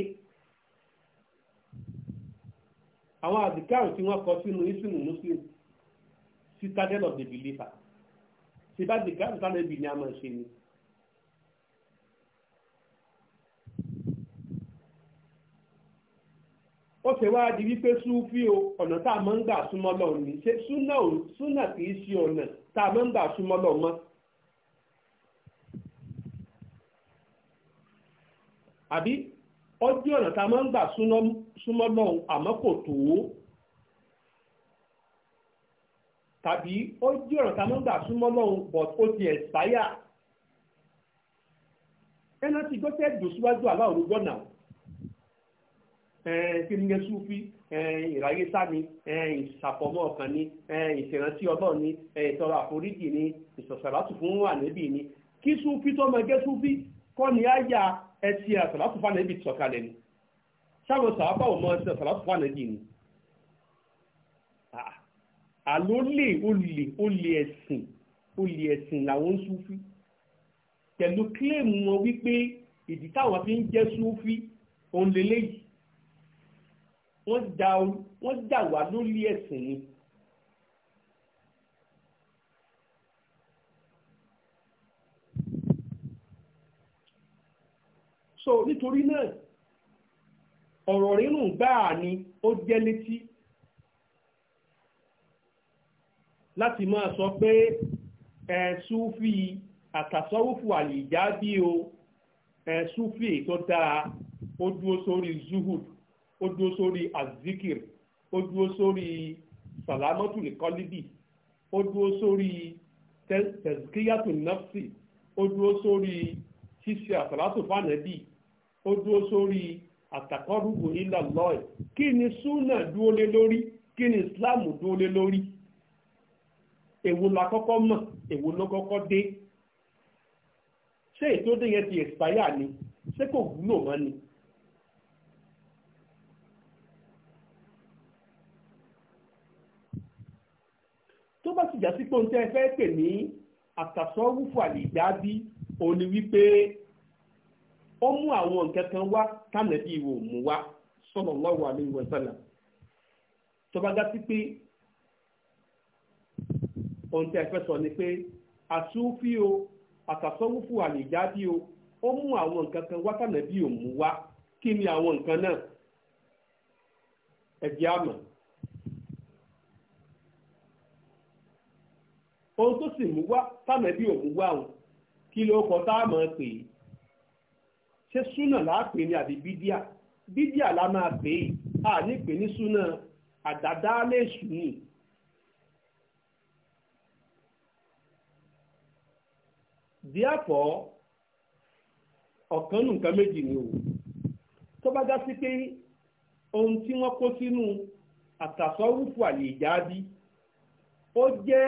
àwọn àdìkáàrùn tí wọ́n kọ sínú isimu muslim citadel of the believer ṣe bá àdìkáàrùn sáré bì ní a máa ṣe ni. ó ṣe wá di wípé súnfí o ọ̀nà tá a máa ń gbà súnmọ́ ni ṣe súnà kì í ṣe ọ̀nà tá a máa ń gbà súnmọ́ mọ́. àbí ọjọ́ ọ̀nà tá a máa ń gbà súnmọ́ lọ́hùn àmọ́ kò tó tàbí ọjọ́ ọ̀nà tá a máa ń gbà súnmọ́ lọ́hùn but ó ti expire ẹnà tí gọ́tẹ́ dùn síwájú aláwòrán gbọ́nà kí ni súnfí ìráyé sáni ìṣàfọ̀mọ́ ni ìṣèrántí ọlọ́run ni ìtọrọ àforíjì ni ìṣọ̀ṣàlátù fún ni kí súnfí tó máa jẹ́ súnfí kọ́ ni á yà ẹ ti àsàlátù fáànà ibi sọ̀kalẹ̀ ni sáwọn sàábà ò mọ ẹ ti àsàlátù fáànà ibi ni ah, àlólè olè olè ẹ̀sìn olè ẹ̀sìn làwọn ń súfí pẹ̀lú kílèmù wọn wípé ìdí táwọn fi ń jẹ́ súfí òun lélẹ́yìí wọ́n dà wá lólè ẹ̀sìn ni. so nítorí náà ọ̀rọ̀ rírùn gbáà ni ó jẹ́ létí láti máa sọ pé ẹ̀sùn fi àtàsọ́wọ́fù àlìjá bí o ẹ̀sùn fi ètò dáa ó dúró sórí zuhud ó dúró sórí azikir ó dúró sórí salamatu nìkọ́líbì ó dúró sórí tẹ̀síkíyàtù nafsi ó dúró sórí ṣíṣe àsàlátù fánàbì ó dúró sórí àtàkọ́rùbù ilà lọ́ọ̀ kí ni súnà dúró lé lórí kí ni islam dúró lé lórí èwo la kọ́kọ́ mọ̀ èwo ló kọ́kọ́ dé ṣé ètò dé yẹn ti expire ni ṣé kò wúlò mọ́ ni. tó bá sì já sí pé ohun tẹ́ ẹ fẹ́ pè ní àtàsọ́wúfọ̀ àlìdábí òun ni wípé ó mú àwọn nǹkan kan wá tánàbí ìwò mú wá sallallahu alaihi wasallam tó bá dá sí pé ohun tí a fẹ́ sọ ni pé o àtàsọ́wúfù àlìjáde o ó mú àwọn nǹkan kan wá tánàbí ò mú wá kí ni àwọn nǹkan náà ẹ̀jẹ̀ àmọ̀ ohun tó sì mú ṣé súnà láàpè ni àbí bídíà bídíà la máa pè é a ní pè ní súnà àdádálẹ̀ sùnì. díàpọ̀ ọ̀kan nù nǹkan méjì ni o tó bá já sí pé ohun tí wọ́n kó sínú àtàsọ́wùfù àlèjáàbí ó jẹ́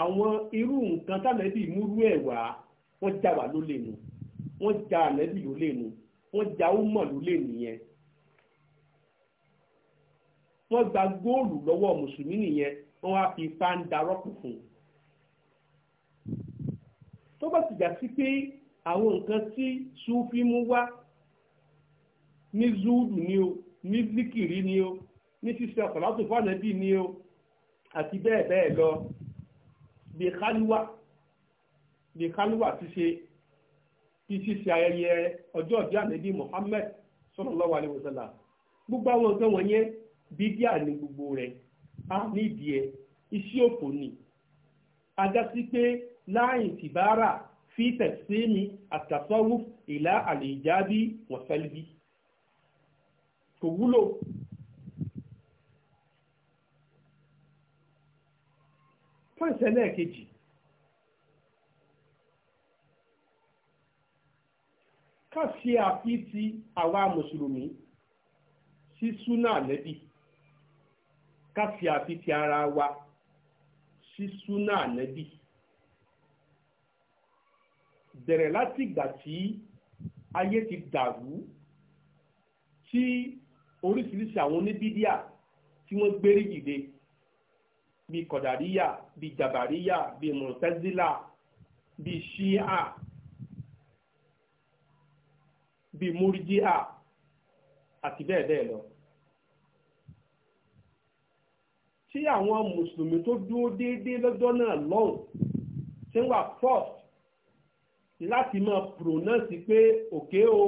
àwọn irú nǹkan tánẹ́bì múrú ẹ̀ wá wọ́n já wà lólè nù. No wọ́n ja ànẹ́bì ló lè nu wọ́n ja ọmọ ló lè nìyẹn wọ́n gba góòlù lọ́wọ́ mùsùlùmí nìyẹn wọ́n wá fi ipá ń darọ́pò fún un. tó bá ti jà sí pé àwọn nǹkan tí sufi mú wá ní zúùdù ni o ní zikiri ni o ní ṣíṣe ọ̀pọ̀lọpọ̀ fọ́nẹ́bì ni o àti bẹ́ẹ̀ bẹ́ẹ̀ lọ bí kálíwà bí kálíwà ti ṣe bí ṣíṣe ayẹyẹ ọjọ́ ìbí ànábì Muhammad sallallahu alaihi wasallam gbogbo àwọn nǹkan wọ̀nyẹn bídíà ní gbogbo rẹ̀ á ní ìdí ẹ̀ iṣẹ́ òfò ni adásí pé láàyè tìbára fi tẹ̀síìmì àtàsọ́wùf ìlà àlèjábí wọ̀sẹ́lbí kò wúlò fún ìṣẹ̀lẹ̀ kejì ká ṣe àfi ti àwa mùsùlùmí sí súnà ànẹ́bì ká ṣe àfi ti ara wa sí súnà ànẹ́bì bẹ̀rẹ̀ láti ìgbà tí ayé ti dàrú tí oríṣiríṣi àwọn oníbídíà tí wọ́n gbérí dìde bíi kọ̀dàríyà bíi jàbàríyà bíi mọ̀tẹ́zílà bíi ṣíà bíi múrídíà àti bẹ́ẹ̀ bẹ́ẹ̀ lọ. tí àwọn mùsùlùmí tó dúró déédéé lọ́jọ́ náà lọ́hùn tí wọ́n wà first láti máa pronounce pé òkè o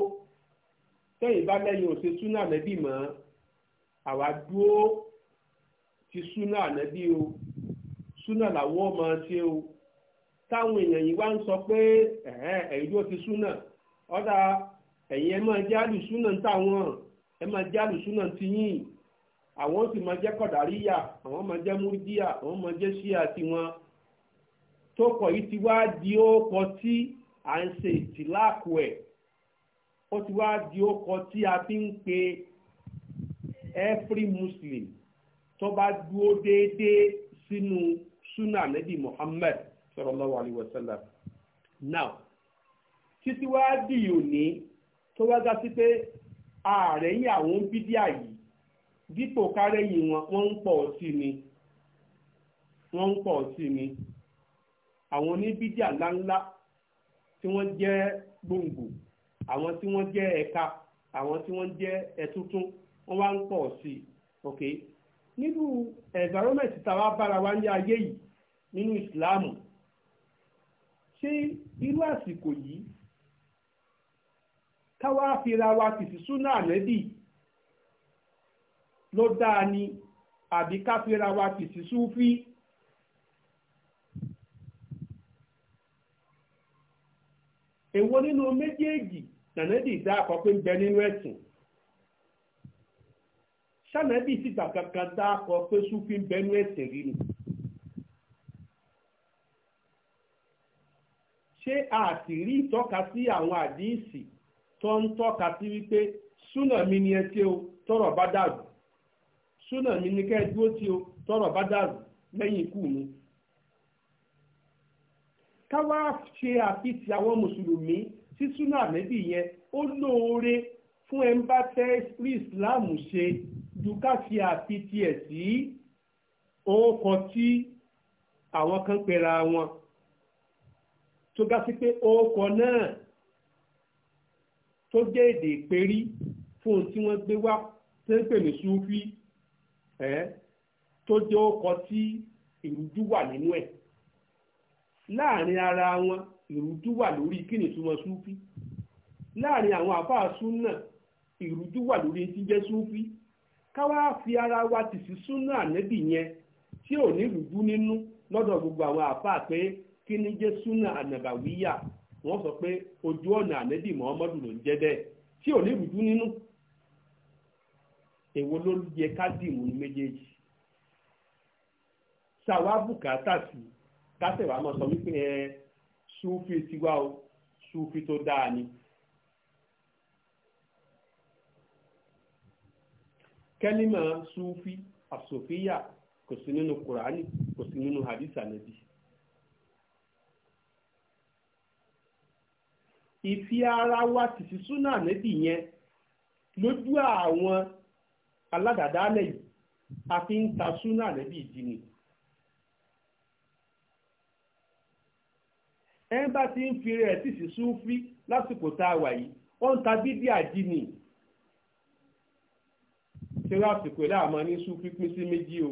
tẹ́yìn bá lẹ́yìn òṣè súnà nẹ́bí mọ́ àwa dúró ti súnà nẹ́bí o súnà làwọn ọmọ ṣe o táwọn èèyàn yìí wá ń sọ pé ẹ̀hẹ́n ẹ̀yìn tó ti súnà ọ̀dà ẹ̀yin ẹ máa jẹ́ àlùsúnà táwọn ẹ máa jẹ́ àlùsúnà tiyín àwọn sì máa jẹ́ kọ̀dáríyà àwọn máa jẹ́ múrídíà àwọn máa jẹ́ ṣíà tiwọn tó kọ̀ yìí ti wá di ókọ tí à ń ṣe ìtìláàkù ẹ̀ ó ti wá di ókọ tí a fi ń pe every muslim tó bá dúró déédéé sínú sunna nabi muhammad sallallahu alayhi wa sallam now títí wá di òní tó wá dá sí pé ààrẹ yìí àwọn ń bí díà yìí dípò kárẹ́yìn wọn wọ́n ń pọ̀ sí ni wọ́n ń pọ̀ sí ni àwọn oníbídíà ńláńlá tí wọ́n jẹ́ gbòǹgbò àwọn tí wọ́n jẹ́ ẹ̀ka àwọn tí wọ́n jẹ́ ẹ̀túntún wọ́n wá ń pọ̀ sí i ok nínú environment tàwa bára wa ní ayé yìí nínú ìsìláàmù ṣé irú àsìkò yìí káwá fira wa sì sí súnà ànẹ́bì ló dáa ni àbí ká fira wa sì sí súfí. èwo nínú méjèèjì nànẹ́bì dá àkọ́pẹ́ ń bẹ nínú ẹ̀sìn sànẹ́bì síta kankan dá àkọ́pẹ́ súfí ń bẹ nínú ẹ̀sìn rí ni. ṣé àtìrí ìtọ́ka sí àwọn àdíìsì tó ń tọ́ka sí wípé súnà mi ni ẹ tí o tọ́rọ̀ bá dàrú súnà mi ni kẹ́ ẹ dúró tí o tọ́rọ̀ bá dàrú lẹ́yìn ikú mi. káwá ṣe àfihàn àwọn mùsùlùmí sí súnà àmẹ́bí yẹn ó lóore fún ẹ ń bá fẹ́ rí ṣe ju ká àfihàn ẹ̀ sí orúkọ tí àwọn kan pera wọn tó gá sí pé orúkọ náà tó jẹ́ èdè ìpérí fún ohun tí wọ́n gbé wá tó ń pè ní sufi tó jẹ́ ọkọ̀ tí ìrújú wà nínú ẹ̀ láàrin ara wọn ìrújú wà lórí kí ni ìtumọ̀ sufi láàrin àwọn àfáà súnà ìrújú wà lórí tí jẹ́ sufi káwá fi ara wa tì sí súnà ànẹ́bì yẹn tí ò ní ìrújú nínú lọ́dọ̀ gbogbo àwọn àfáà pé kí ni jẹ́ súnà ànàbàwíyà wọ́n sọ pé ojú ọ̀nà ànẹ́bì muhammadu ló ń jẹ́ bẹ́ẹ̀ tí ò ní rújú nínú èwo ló yẹ ká dìmú ní méjèèjì ṣàwa bùkátà sí kásẹ̀wá máa sọ wípé ẹ súfì tiwa o súfì tó dáa ni. kẹ́límà súfì àsòfíyà kò sí nínú kùránì kò sí nínú hadith ìfi ara wa sì sí súnà níbì yẹn lójú àwọn aládàdálẹ̀ yìí a fi ń ta súnà níbì yìí ni. ẹ bá ti ń fi rẹ̀ sì sí súnfí lásìkò tá a wà yìí ó ń ta bíbí àdínì tí wọ́n àsìkò láàmọ́ ní súnfí pín sí méjì o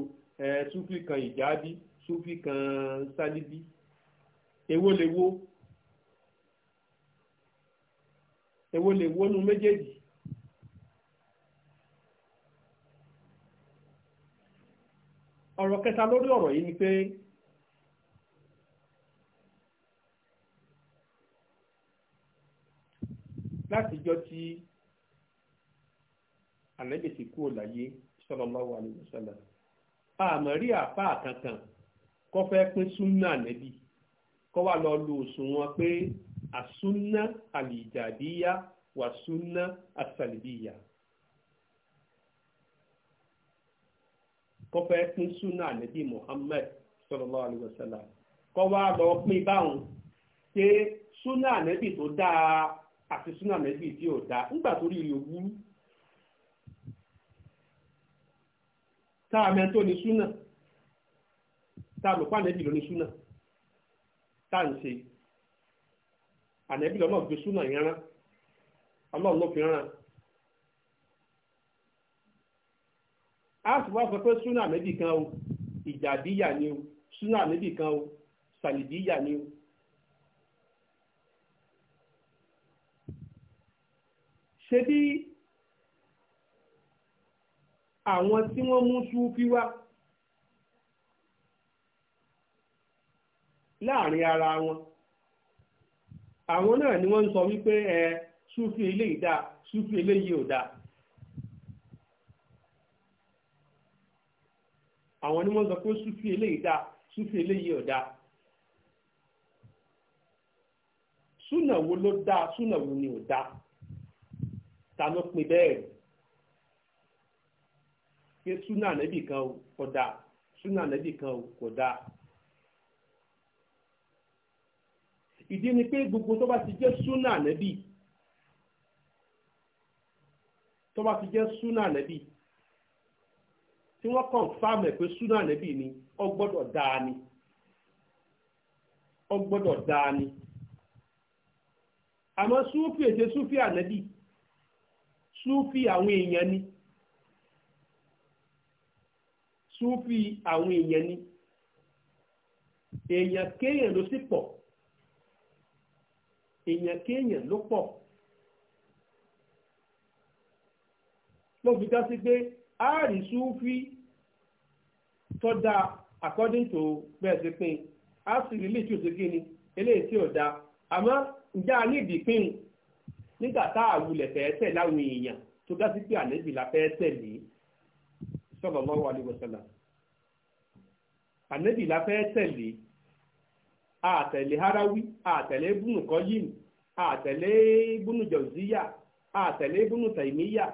súnfí kan ìjábí súnfí kan sálíbí èwo lè wo. èwo lè wónú méjèèjì. ọ̀rọ̀ kẹta lórí ọ̀rọ̀ yìí ni pé látijọ́ tí ànábì ti kúrò láyé sallallahu alaihi wasallam àmọ́ rí àáfàá kankan kó fẹ́ pín súnmọ́ ànábì kó wà lọ lo òṣùwọ̀n pé àsúnná àlìjàdíyá wàsúnná àsàlìbíyà. kó fẹ́ pín súnà ànábì Muhammad sallallahu alaihi wasallam kó wá lọ pín báwọn ṣe súnà ànábì tó dáa àti súnà ànábì tí ò dáa nígbà tó rí ilé wúrú. tá a ní súnà tá a lò ló ní súnà tá ṣe ànẹ́bí lọ́nà gbé súnà yẹn rán ọlọ́run ló fi rán a sì wá sọ pé súnà ànẹ́bí kan o ìjàdíyà ni o súnà ànẹ́bí kan o sàlìdíyà ni o. ṣe bí àwọn tí wọ́n mú súfí wá láàrin ara wọn àwọn náà ni wọ́n ń sọ wípé ẹ súfì eléyìí dáa súfì eléyìí ò dáa. àwọn ni wọ́n sọ pé súfì eléyìí dáa súfì eléyìí ò dáa. súnà wo ló dáa súnà wo ni ò dáa ta ló pin bẹ́ẹ̀ pé súnà nẹ́bì kan kò dáa súnà nẹ́bì kan kò dáa. ìdí ni pé gbogbo tó bá ti jẹ́ súnà nẹ́bì tó bá ti jẹ́ súnà nẹ́bì tí wọ́n confirm ẹ̀ pé súnà nẹ́bì ni ó gbọ́dọ̀ dáa ni ó gbọ́dọ̀ dáa ni àmọ́ súfì èsè súfì ànẹ́bì súfì àwọn èèyàn ni súfì àwọn èèyàn ni èèyàn kéèyàn ló sì pọ̀ èèyàn kéèyàn ló pọ̀ ló fi dá sí pé áàrí súnfí tó dáa according to bẹ́ẹ̀ sí pín á sì rí létí òsèké ni eléyìí tí ò dáa àmọ́ ǹjẹ́ a ní nígbà tá a wulẹ̀ fẹ́ láwọn èèyàn tó dá sí pé àlébì la fẹ́ tẹ̀lé sallallahu alaihi wasallam àlébì la fẹ́ tẹ̀lé àtẹ̀lé harawi àtẹ̀lé bùnú kọ́yìn àtẹ̀lé bùnú jọ̀zíyà àtẹ̀lé bùnú tẹ̀míyà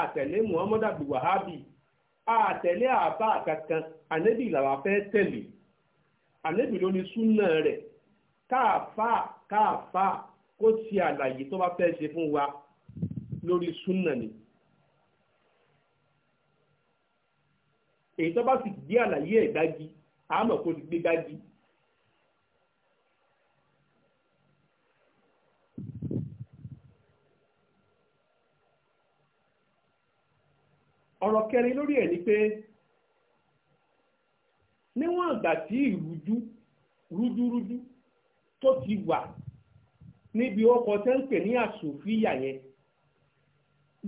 àtẹ̀lé muhammadu abdul wahabi àtẹ̀lé àbá kankan ànẹ́bí làwa fẹ́ tẹ̀lé ànẹ́bí ló ní súnà rẹ̀ káàfà káàfà kó ti àlàyé tó bá fẹ́ ṣe fún wa lórí súnà ni. èyí tó bá sì gbé àlàyé ẹ̀ dájí àmọ̀ kó ti gbé dájí. ọ̀rọ̀ kẹrin lórí ẹ̀ ni pé níwọ̀n àgbà tí ìrújú rújúrújú tó ti wà níbi ọkọ̀ tẹ́ ń pè ní àsòfíyà yẹn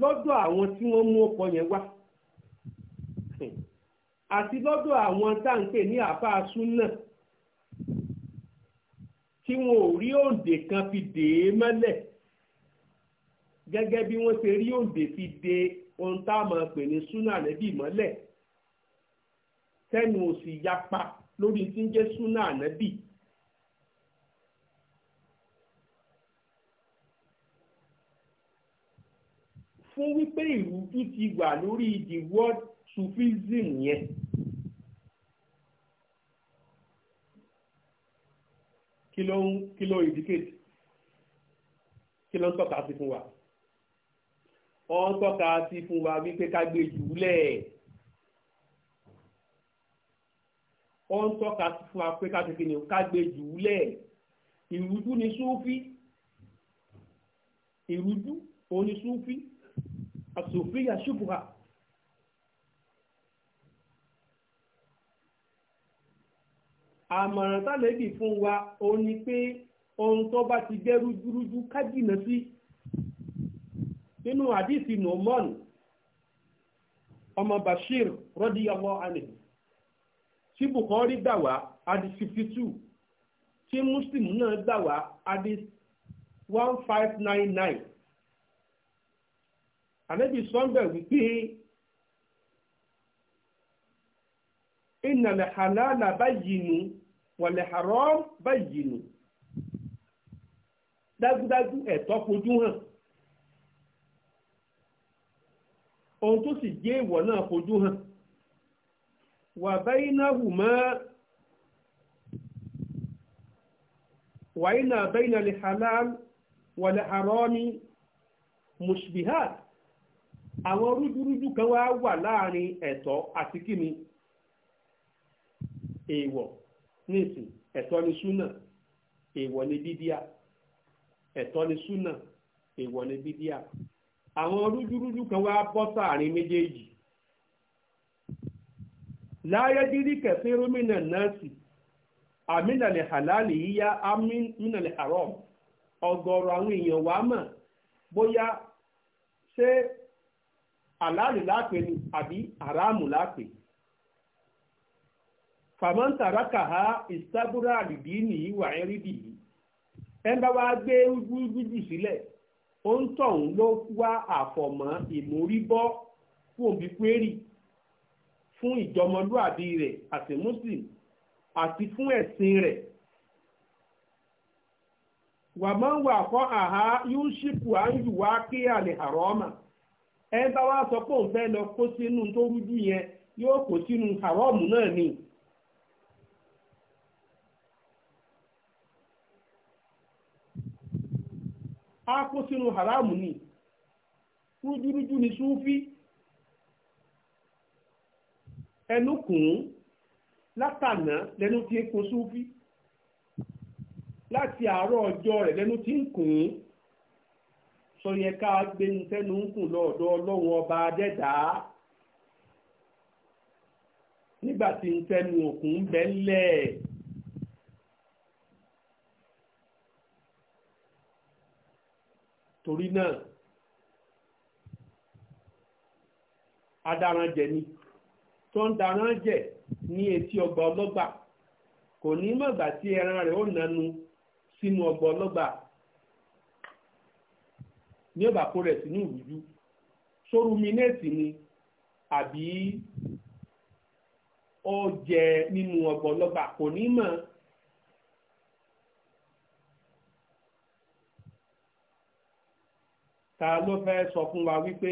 lọ́dọ̀ àwọn tí wọ́n mú ọkọ̀ yẹn wá àti lọ́dọ̀ àwọn tá à ń pè ní àbá súnà tí wọn ò rí òǹdè kan fi dè é mọ́lẹ̀ gẹ́gẹ́ bí wọ́n ṣe rí òǹdè fi dè é ohun tá a máa pè ní súnà ànẹ́bí mọ́lẹ̀ tẹ́nu òsì yapa lórí tí ń jẹ́ súnà ànẹ́bí. fún wípé ìrújú ti wà lórí the word sufism yẹn. kí ló ń kí ló indicate kí ló ń tọ́ka sí fún wa wọ́n ń tọ́ka sí fún wa wípé ká gbé jùúlẹ̀ wọ́n ń tọ́ka sí fún wa pé ká tètè ní ká gbé jùúlẹ̀ ìrújú ni súfí ìrújú òun ni súfí àsòfíyà ṣùbùhà. àmọ̀ràn tálẹ́bì fún wa òun ni pé ohun tó bá ti jẹ́ rújúrújú ká jìnnà sí. Si nínú àdìsí nùmọ́nù ọmọ bashir radiyallahu anhu tí bukhari gbà wá adi fifty two tí muslim náà gbà wá adi one five nine nine ànábì sọ́ńbẹ̀ wípé inna al-halala bayyinu wal haram bayyinu dájúdájú ẹ̀tọ́ fojú hàn. ohun tó sì jẹ́ ìwọ̀ náà fojú hàn wà báyìí náà hù mọ́ wàyí náà báyìí náà lè halal wà lè harami mushbihat àwọn rúdurúdu kan wá wà láàrin ẹ̀tọ́ àti kíni èèwọ̀ nísìn ẹ̀tọ́ ni súnà èèwọ̀ ni bídíà ẹ̀tọ́ ni súnà èèwọ̀ ni bídíà. àwọn rújúrújú kan wá bọ́ sáàrin méjèèjì láyé dídí kẹsí rúmìnà nọ́ọ̀sì àmínàlẹ̀ halali yíyá àmínàlẹ̀ haram ọ̀gọ̀rọ̀ àwọn èèyàn wàá mọ̀ bóyá ṣé halali lápè ni àbí haramu lápè fàmọ́ntàràkà ha ìsábúrà àdìdí nìyí wà ẹ́rídìí ẹ bá wá gbé rújúrújú sílẹ̀. sile. ó ń tọ̀hún ló wá àfọ̀mọ́ ìmúríbọ́ fún òbí kwérì fún ìjọmọlúàbí rẹ̀ àti muslim àti fún ẹ̀sìn rẹ̀ wàmọ́ wà kọ́ àhá yóò ṣìpù àyù wá kí àlè àrọ́mà ẹ bá wá sọ pé òun fẹ́ lọ kó sínú tó rújú yẹn yóò kó sínú náà ni. á kó sínú haramu ni rújúrújú ni súfí ẹnukùn kùn látànà lẹ́nu tí ń kó súfí láti àárọ̀ ọjọ́ rẹ̀ lẹ́nu tí ń kùn ún sọ yẹ ká gbé ntẹ́nu ń kùn lọ́dọ̀ ọlọ́run ọba adẹ́dàá nígbà tí ntẹ́nu òkun ń bẹ́ torí náà adaranjẹ ni tó ń daranjẹ ní etí ọgbà ọlọ́gbà kò ní mọ̀gbà tí ẹran rẹ̀ ó nanu sínú ọgbà ọlọ́gbà ní ọba kó rẹ̀ sínú ìrújú sóruminéètì ni àbí ó jẹ nínú ọgbà ọlọ́gbà kò ní mọ̀ ta ló fẹ́ sọ fún wa wípé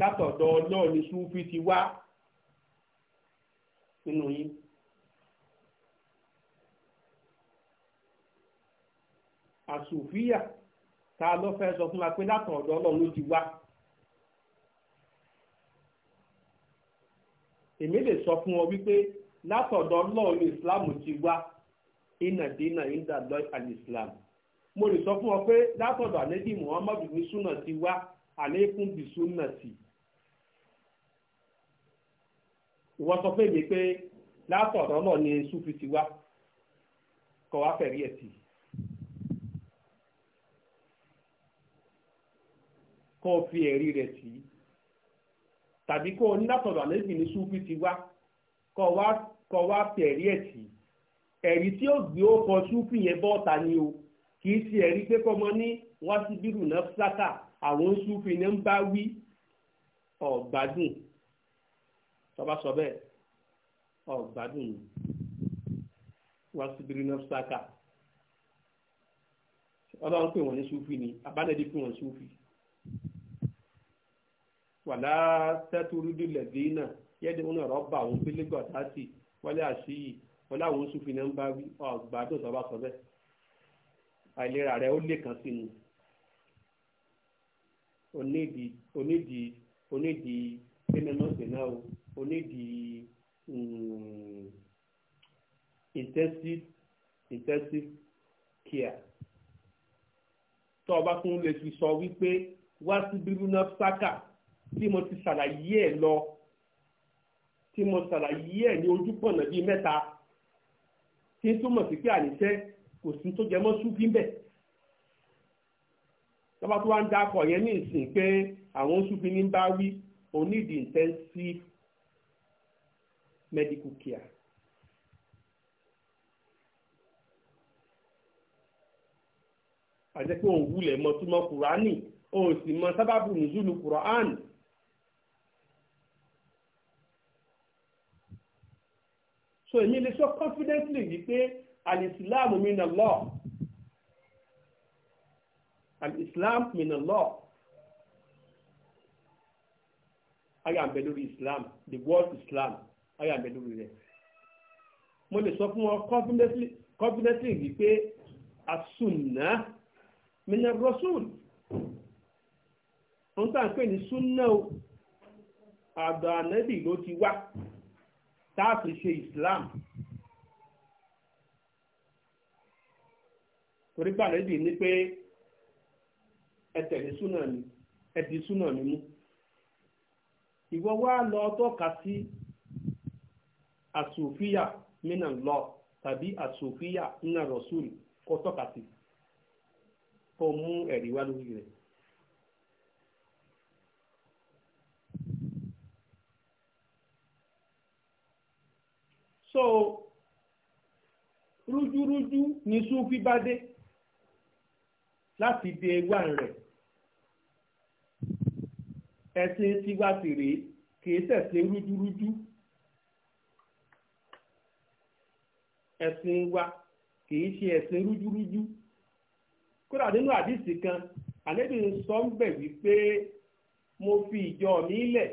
látọ̀dọ̀ ọlọ́ọ̀ ni ti wá nínú yín. àsùfíà ta ló fẹ́ sọ fún wa pé látọ̀dọ̀ ló ti wá. èmi lè sọ fún ọ wípé látọ̀dọ̀ islam ti wá ìnàdínà ìdàlọ́ àlìsílámù. mo lè sọ fún ọ pé látọ̀dọ̀ àlẹ́bí muhammadu ní súnà ti wá àlékún bí súnà ti ìwọ sọ fún èmi pé látọ̀dọ̀ náà ni súfi ti wá kọ wá fẹ̀rí ẹ̀ sí kó fi ẹ̀rí rẹ̀ sí tàbí kó o ní látọ̀dọ̀ súfi ti wá kọ wá kọ wá fẹ̀rí ẹ̀ sí ẹ̀rí tí ó gbé ó kọ súfi yẹn bọ́ọ̀ta ni o kì í ṣe ẹ̀rí pé kọ́mọ ní wá sí bírù náà fúlákà àwọn sùfì náà ń bá wí ọ̀gbádùn tọ́ba sọ bẹ́ẹ̀ ọ̀gbádùn ni wá sí bírù náà fúlákà ọlọ́run pè wọ́n ní sùfì ni abánẹ́dí pè wọ́n sùfì wàlá tẹ́tùrúdú lẹ̀dí náà yẹ́dí wọn ọ̀rọ̀ bá àwọn pélégbọ̀tà sí wọlé àṣìyí wọlé àwọn sùfì náà ń bá wí ọ̀gbádùn tọ́ba sọ bẹ́ẹ̀ àìlera rẹ ó lè kàn sí ni onídìí onídìí onídìí kíndínlọ́sì náà o onídìí mm, intensive intensive care tó o bá tún lè fi sọ wípé wá sí bírúnà sáká tí mo ti ṣàlàyé ẹ̀ lọ tí mo ṣàlàyé ẹ̀ ní ojúpọ̀nà bíi mẹ́ta tí túmọ̀ sí pé àníṣẹ́ kò sí tó jẹmọ́ súfì ń bẹ̀ tọ́ba tó wá ń dakọ̀ yẹn ní ìsìn pé àwọn súfì ní bá wí o need intensive medical care. àti pé òun wulẹ̀ mọ túmọ̀ kùránì òun sì mọ sábàbù nùzúlù kùránì. so èmi lè sọ confidently wípé alìsíláàmù min Allah Islam min Allah ayà ń bẹ lórí islam the word islam ayà ń bẹ lórí rẹ̀ mo lè sọ fún wọn confidently wípé asunna min ar-rasul ohun tá à ń pè ní sunna o àdọ̀ ànẹ́bì ló ti wá tá a fi ṣe islam. torí gbà lẹ́bí ní pé ẹ tẹ̀lé súnà mi ẹ di súnà mi mú ìwọ wá lọ tọ́ka sí àsòfíà mínà lọ tàbí àsòfíà mínà rọ̀sùn kó tọ́ka sí kó mú ẹ̀rí wá lórí rẹ̀. so rújúrújú ni súnfí bá dé láti dé wà rẹ̀ ẹ̀sìn tiwa tèrè kìí ṣẹ̀sìn rújúrújú ẹ̀sìn wa kìí ṣe ẹ̀sìn rújúrújú kódà nínú àdìsí kan àlébì ń sọ ń bẹ̀ wípé mo fi ìjọ mi lẹ̀